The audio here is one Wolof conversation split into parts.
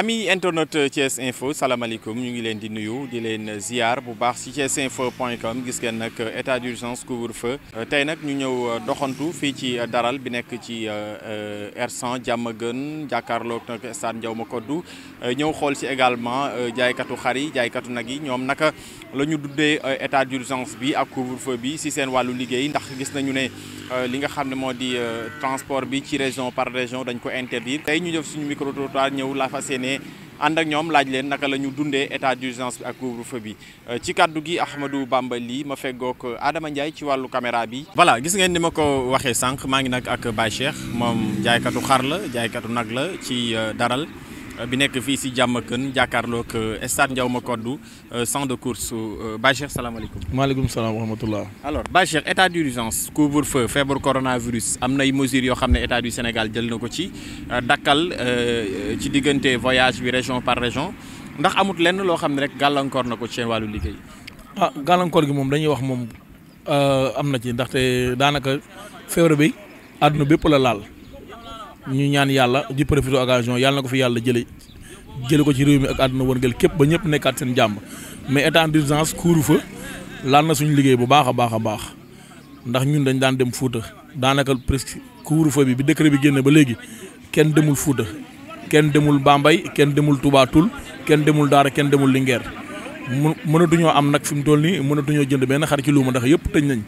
ami internet Thiès Info salaamaaleykum ñu ngi leen di nuyu di leen ziar bu baax ci thiesinfo.com gis ngeen nag état d'urgence couvre-feu tey nag ñu ñëw euh, doxantu fii ci euh, daral bi nekk ci euh, r jàmm gën jàkkaarloog nag stade Ndiaw Macodou ñëw xool ci également jaaykatu xar yi jaaykatu nag yi ñoom naka la ñu duddee état d'urgence bi ak couvre-feu bi si seen wàllu liggéey ndax gis nañu ne li nga xam ne moo di transport bi ci région par région dañ ko interdire ànd ak ñoom laaj leen naka la ñu dundee état d'urgence bi ak couvre bi euh, ci kàddu gi Ahmadou Bamba lii ma feggoog euh, Adama Ndiaye ci wàllu caméra bi. voilà gis ngeen ni ma ko waxee sànq maa ngi nag ak Baye Cheikh moom jaaykatu xar la jaaykatu nag la ci euh, daral. Euh, bi nekk fii si jàmm kën jàkkaarloog euh, stade Ndiaw Macodou euh, champ de course Bachir salaamaaleykum. maaleykum salaam wa rahmatullah. alors Bachir état d' urgence couvre-feu feebar coronavirus am nay mesures yoo xam ne état du Sénégal jël na ko ci dakkal ci diggante voyage bi région par région ndax amut lenn loo xam ne rek gàllankoor na ko ci seen wàllu liggéey. ah gàllankoor gi moom dañuy wax moom am na ci ndaxte daanaka feebar bi àdduna bépp la laal. ñu ñaan yàlla di profité occasion yàlla na ko fi yàlla jële jële ko ci réew mi ak àdduna wërngël képp ba ñëpp nekkaat seen jàmm mais état d'urgence couvre-feu laal na suñu liggéey bu baax a baax a baax ndax ñun dañ daan dem Fuuta daanaka presque couvre-feu bi bi décret bi génne ba léegi kenn demul Fuuta kenn demul Bambey kenn demul Touba kenn demul Daara kenn demul Linguère mu mënatuñoo am nag fi mu toll nii mënatuñoo jënd benn xar ci luuma ndax yëpp tëj nañ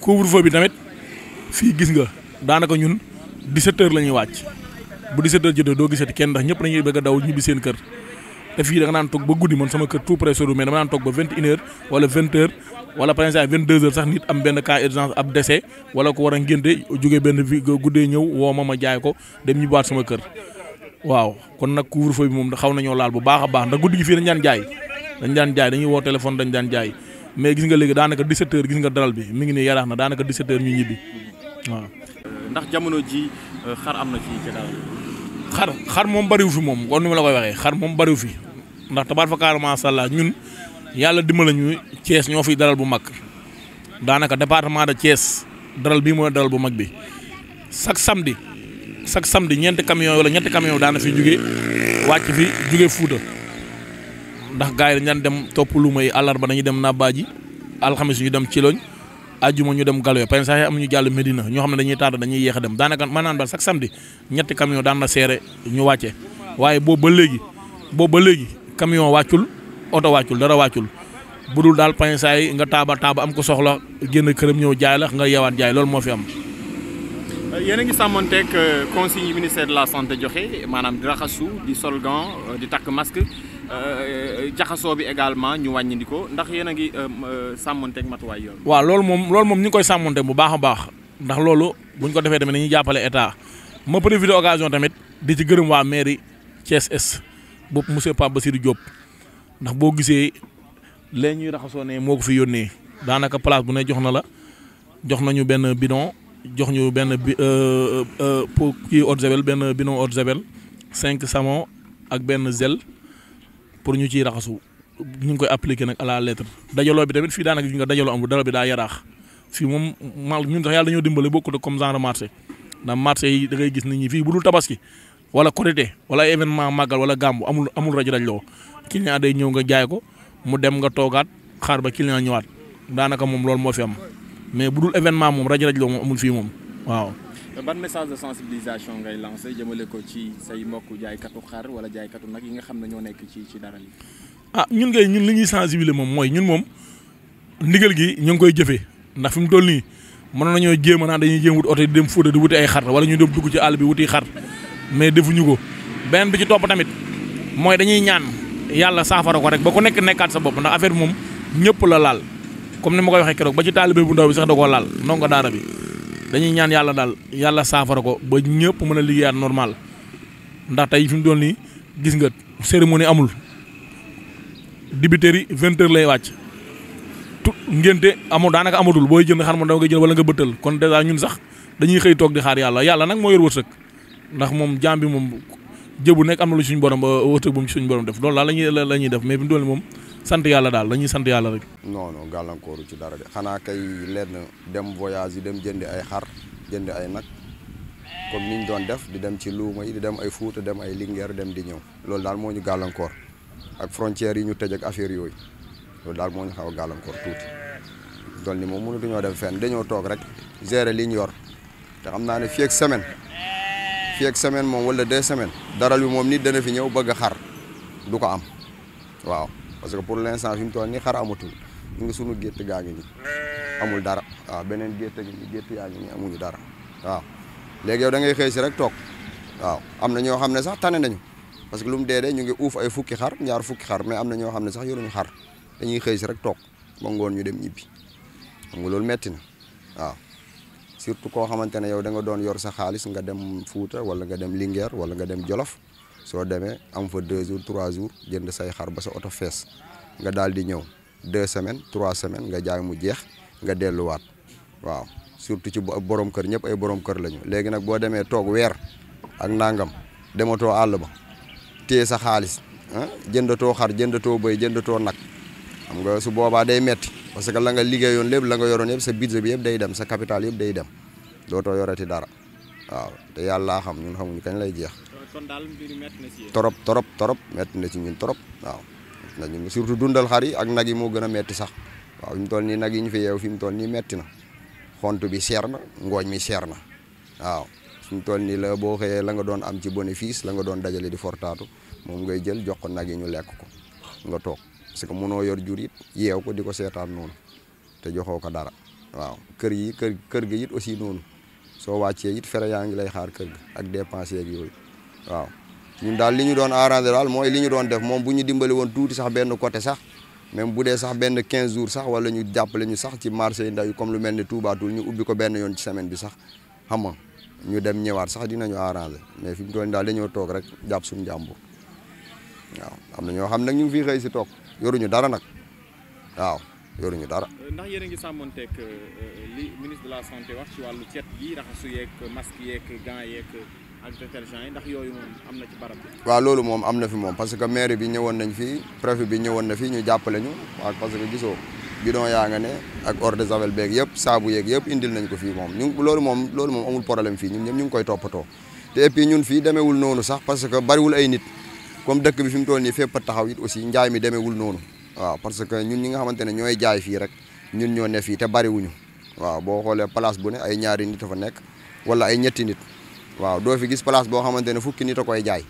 couvre gis nga 17 heures la ñuy wàcc bu 17 heures jotee doo gisati kenn ndax ñëpp dañuy bëgg daw ñibbi seen kër te fii da nga naan toog ba guddi man sama kër tout près soriwul mais dama naan toog ba 21 heures wala 20 heures wala par exemple 22 heures sax nit am benn cas urgence ab décès wala ko war a ngénte jógee benn vi guddee ñëw woo ma ma jaay ko dem ñibbaat sama kër waaw kon nag couvre-feu bi moom xaw nañoo laal bu baax a baax ndax guddi gi fii dañ daan jaay dañ daan jaay dañuy woo téléphone dañ daan jaay mais gis nga léegi daanaka 17 heures gis nga daral bi mi ngi nii yaraax na daanaka 17 heures ñu ñibbi waaw ndax jamono ji euh, xar na ci xar moom bëriwu fi moom kon ni ma la koy waxee xar moom bëriwu fi ndax tabaaraka macha allah ñun yàlla dimbali ñu Thiès ñoo fiy daral bu mag daanaka département de Thiès daral bii mooy daral bu mag bi chaque samedi chaque samedi ñeenti camion wala ñetti camion daana fi jóge wàcc fi jóge Fuuta ndax gars yi dañu daan dem topp luuma yi ba dañuy dem Nabaaji alxames ñu dem Ciloñ ajjuma ñu dem Galoya pen sax amuñu jàll Medina ñoo xam ne dañuy tardé dañuy yéex a dem daanaka maanaam daal chaque samedi ñetti camion daan na seere ñu wàcce waaye boobu ba léegi boobu ba léegi camion wàccul oto wàccul dara wàccul bu daal pen saa nga taaba taaba am ko soxla génn këram ñëw jaay la nga yeewaat jaay loolu moo fi am. yéen a ngi sàmmanteeg euh, consigne yi ministère de la santé joxe maanaam di raxasu di sol gant euh, di takk masque. Euh, euh, jaxasoo bi également ñu wàññi ko ndax yéen a ngi euh, sàmmanteeg matuwaay yoon. waaw loolu moom loolu moom ni ngi koy sàmmante bu baax baax ndax loolu buñ ko defee tamit dañuy jàppale état ma profité occasion tamit di ci gërëm waa mairie Thiès Est bopp ba si di Diop ndax boo gisee lee ñuy raxasoo ne moo ko fi yónnee daanaka place bu ne jox na la jox nañu benn bidon jox ñu benn bi pour kii eau de benn bidon eau cinq savon ak benn gel. pour ñu ciy raxasu ñu ngi koy appliquer nag à la lettre dajaloo bi tamit fii daanaka ñu nga dajaloo amul dara bi daa yaraax fii moom mal ñun sax yàlla dañoo dimbale bokkut comme genre marché ndax marché yi da gis ni ñi fii bu dul tabaski wala korité wala événement màggal wala gàmmu amul amul raj raj loo client day ñëw nga jaay ko mu dem nga toogaat xaar ba client ñëwaat daanaka moom loolu moo fi am mais bu dul événement moom raj raj loo moom amul fii moom waaw ban message de sensibilisation ngay lancé jëmale ko ci say mbokk jaaykatu xar wala jaaykatu nag yi nga xam ne ñoo nekk ci ci dara li ah ñun ngay ñun li ñuy sensibiliser moom mooy ñun moom ndigal gi ñu ngi koy jëfee ndax fi mu toll nii mënoon nañoo jéem a naan dañuy jéem wut oto di dem Fuuta di wuti ay xar wala ñu dem dugg ci àll bi wuti xar mais defuñu ko beneen bi ci topp tamit mooy dañuy ñaan yàlla saafara ko rek ba ku nekk nekkaat sa bopp ndax affaire moom ñëpp la laal comme ni ma koy waxee keroog ba ci taalibe bu ndaw bi sax da koo laal ndongo daara bi dañuy ñaan yàlla daal yàlla saafara ko ba ñëpp mën a liggéeyaat normal ndax tey fi doon nii gis nga cérémonie amul dibiteri vingt heures lay wàcc tout ngénte amul daanaka amatul booy jënd xar mu ndaw nga jënd wala nga bëttal kon dèjà ñun sax dañuy xëy toog di xaar yàlla yàlla nag moo yor wërsëg ndax moom jaam bi moom jëbu nekk am na lu suñu borom wërsëg bu mu suñu borom def loolu daal la la ñuy def mais fi doon nii moom sant yàlla daal dañuy sant yàlla rek. non non gàllankooru ci dara de xanaa kay lenn dem voyage yi dem jënd ay xar jënd ay nag comme ni ñu doon def di dem ci luuma yi di dem ay Fuuta dem ay Linguère dem di ñëw loolu daal moo ñu gàllankoor ak frontières yi ñu tëj ak affaire yooyu loolu daal moo ñu xaw a gàllankoor tuuti dool ni moom ñoo dem fenn dañoo toog rek gérer li ñu yor te xam naa ne fii ak semaine fii ak semaine moom wala deux semaines daral bi moom nit dana fi ñëw bëgg a ko am waaw. parce que pour l' instant fi mu toll nii xar amatul ñu ngi sunu gétt gaa ngi nii amul dara waaw beneen gétt gi nii gétt yaa ngi amuñu dara waaw léegi yow da ngay xëy si rek toog waaw am na ñoo xam ne sax tane nañu parce que lu mu dee dee ñu ngi uuf ay fukki xar ñaar fukki xar mais am na ñoo xam ne sax yoruñu xar dañuy xëy si rek toog ba ngoon ñu dem ñibbi xam nga loolu metti na waaw surtout koo xamante ne yow da nga doon yor sax xaalis nga dem Fuuta wala nga dem Linguère wala nga dem Jolof soo demee am fa deux jours trois jours jënd say xar ba sa oto fees nga daal di ñëw deux semaine trois semaine nga jaay mu jeex nga delluwaat waaw surtout ci borom kër ñëpp ay borom kër lañu léegi nag boo demee toog weer ak nangam dematoo àll ba téye sa xaalis ah jëndatoo xar jëndatoo bëy jëndatoo nag xam nga su boobaa day metti parce que la nga liggéeyoon lépp la nga yoroon yëpp sa budget bi yëpp day dem sa capital yëpp day dem dootoo yorati dara waaw te yàlla xam ñun xamuñ kañ lay jeex. kon daal trop métti na si yéen. torop na si ñun torop waaw. na ñu surtout dundal xar yi ak nag yi moo gën a métti sax waaw fi toll nii nag yi ñu fi yeew fi mu toll nii mettina xont bi seer na ngooñ mi seer na waaw fi mu toll nii la boo xëyee la nga doon am ci bénéfice la nga doon dajale di fortaatu moom ngay jël jox ko nag yi ñu lekk ko nga toog parce que mënoo yor jur it yeew ko di ko seetaan noonu te joxo ko dara waaw kër yi kër kër gi it aussi noonu soo wàccee it fere yaa ngi lay xaar kër gi ak dépense yeeg yooyu waaw ñun daal li ñu doon arrangé daal mooy li ñu doon def moom bu ñu dimbali woon tuuti sax benn côté sax même bu dee sax benn quinze jours sax wala ñu jàppale ñu sax ci marché yi ndaw yi comme lu mel ni Touba Toul ñu ubbi ko benn yoon ci semaine bi sax xam nga ñu dem ñëwaat sax dinañu arrangé mais fi mu toll daal dañoo toog rek jàpp suñu jàmbur waaw am na ñoo xam nag ñu ngi fii xëy si toog yoruñu dara nag waaw ñu dara. ndax a ngi sàmmanteeg euh, li ministre de ak détergent yi ndax yooyu am na ci waaw loolu moom am na fi moom parce que maire bi ñëwoon nañ fii préfet bi ñëwoon na fii ñu jàppale ñu waaw parce que gisoo bidon yaa nga ne ak eau de javel beeg yëpp saabu yeeg yëpp indil nañ ko fii moom ñu loolu moom loolu moom amul problème fii ñun ñëpp ñu ngi koy toppatoo te et puis ñun fii demeewul noonu sax parce que bariwul ay nit comme dëkk bi fi mu toll nii fépp taxaw it aussi njaay mi demeewul noonu waaw parce que ñun ñi nga xamante ne ñooy jaay fii rek ñun ñoo ne fii te bariwuñu waaw boo xoolee place bu ne ay ñaari nit dafa nekk wala ay ñetti nit waaw doo fi gis place boo xamante ne fukki nit a koy jaay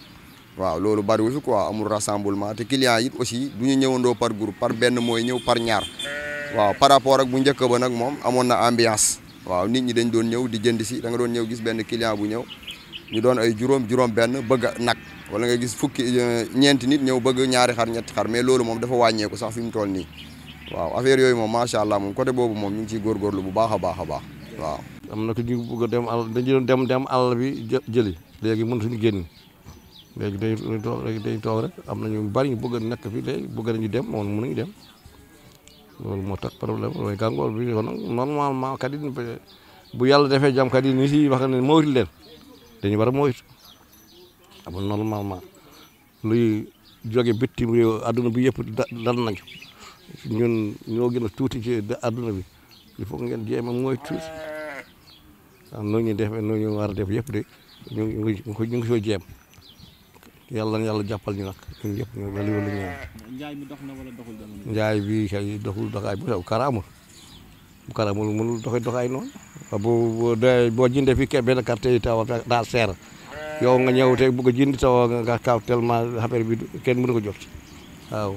waaw loolu bariwul fi quoi amul rassemblement te client yi aussi du ñu ñëwandoo par groupe par benn mooy ñëw par ñaar waaw par rapport ak bu njëkk ba nag moom amoon na ambiance waaw nit ñi dañ doon ñëw di jënd si da nga doon ñëw gis benn client bu ñëw ñu doon ay juróom juróom benn bëgg nag wala nga gis fukki euh, ñeenti nit ñëw bëgg ñaari xar ñetti xar mais loolu moom dafa wàññeeku sax fi mu toll nii waaw affaire yooyu moom macha allah m côté boobu moom ñu ngi ciy góorgóorlu bu baax baax a baax waaw am na ko ñu bëgg dem àll dañu doon dem dem àll bi jëli léegi mënatuñu génn léegi day toog léegi day am na ñu bari ñu bëgg a nekk fi léegi bëgg nañu dem moom mënuñu dem loolu moo tax problème mooy gàngoor bi kon normalement kat yi bu yàlla defee jàmm kat yi ni si wax ne moytu leen dañu war a moytu am normalement luy jóge bitim réew adduna bi yëpp dal nañu ñun ñoo gën a tuuti ci adduna bi il faut ngeen jéem a moytu am nu ñu def nu ñu war a def yëpp de ñu ngi soo jéem yàlla na yàlla jàppal ñu nag ñun yëpp njaay na wala doxul bi kay doxul doxaay bu sew karaamul bu karaamul mënul doxee doxaay noonu. boo boo jëndee fii kay benn quartier yi taw daa seer yow nga ñëw te bëgg a jënd taw nga kaaw tellement affaire bi du kenn mënu ko jot waaw.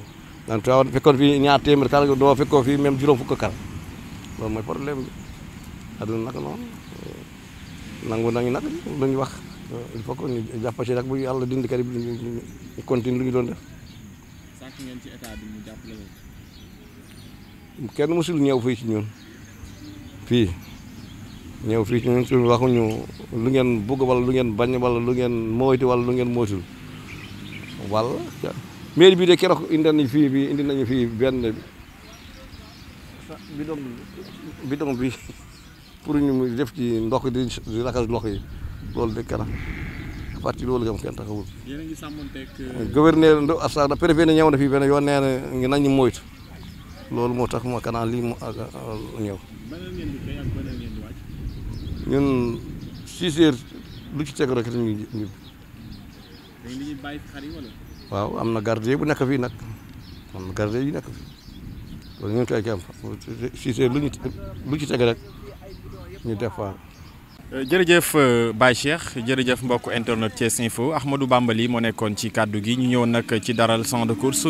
nan taw fekkoon fii ñaar téeméer kàlla doo fekkoo fii même juróom fukk kàlla loolu mooy problème bi aduna naka noonu. nangu nañu nag lu ñu wax il faut que ñu jàpp ci rek bu yàlla dindi kër bi ñu continue lu ñu doon ngeen ci bi mu jàppale ñëw fii ci ñun fii ñëw fii ci ñun suñu waxuñu lu ngeen bugg wala lu ngeen bañ wala lu ngeen moytu wala lu ngeen moytul wala mairie bii de kerook indi nañu fii bi indi nañu fii benn bidon bidon bi. pour ñu muy def ci ndox di di raxas loxo yi loolu dëkk na parti loolu gam kenn taxawul. yéen a ngi sàmmanteeg. Euh, gouverneur Ndo Assane ah, na préfet ñëw na fi benn yoon nee na ngi nañu moytu loolu moo tax moo kanaan lii mu ñëw. ñun six heures ci teg rek ñu na gardien bu nekk fii nag am na gardien yu lu ñu lu ci teg rek. ñu def fa jërëjëf euh, Baye Cheikh jërëjëf mbokk internet Thiès Info Ahmadou Bambali moo nekkoon ci kàddu gi ñu ñëw nag ci daral champ de course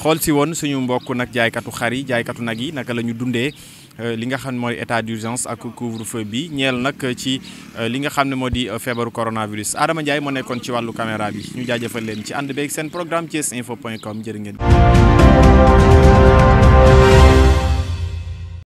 xool si woon suñu mbokk nag jaaykatu xar yi jaaykatu nag yi naka la ñu dundee euh, li nga xam ne mooy état d'urgence ak couvre-feu bi ñeel nag ci euh, li nga xam ne moo di feebaru coronavirus Adama Ndiaye moo nekkoon ci wàllu caméra bi ñu jaajëfal leen ci ànd beeg seen programme Thiès Info point com jërë ngeen.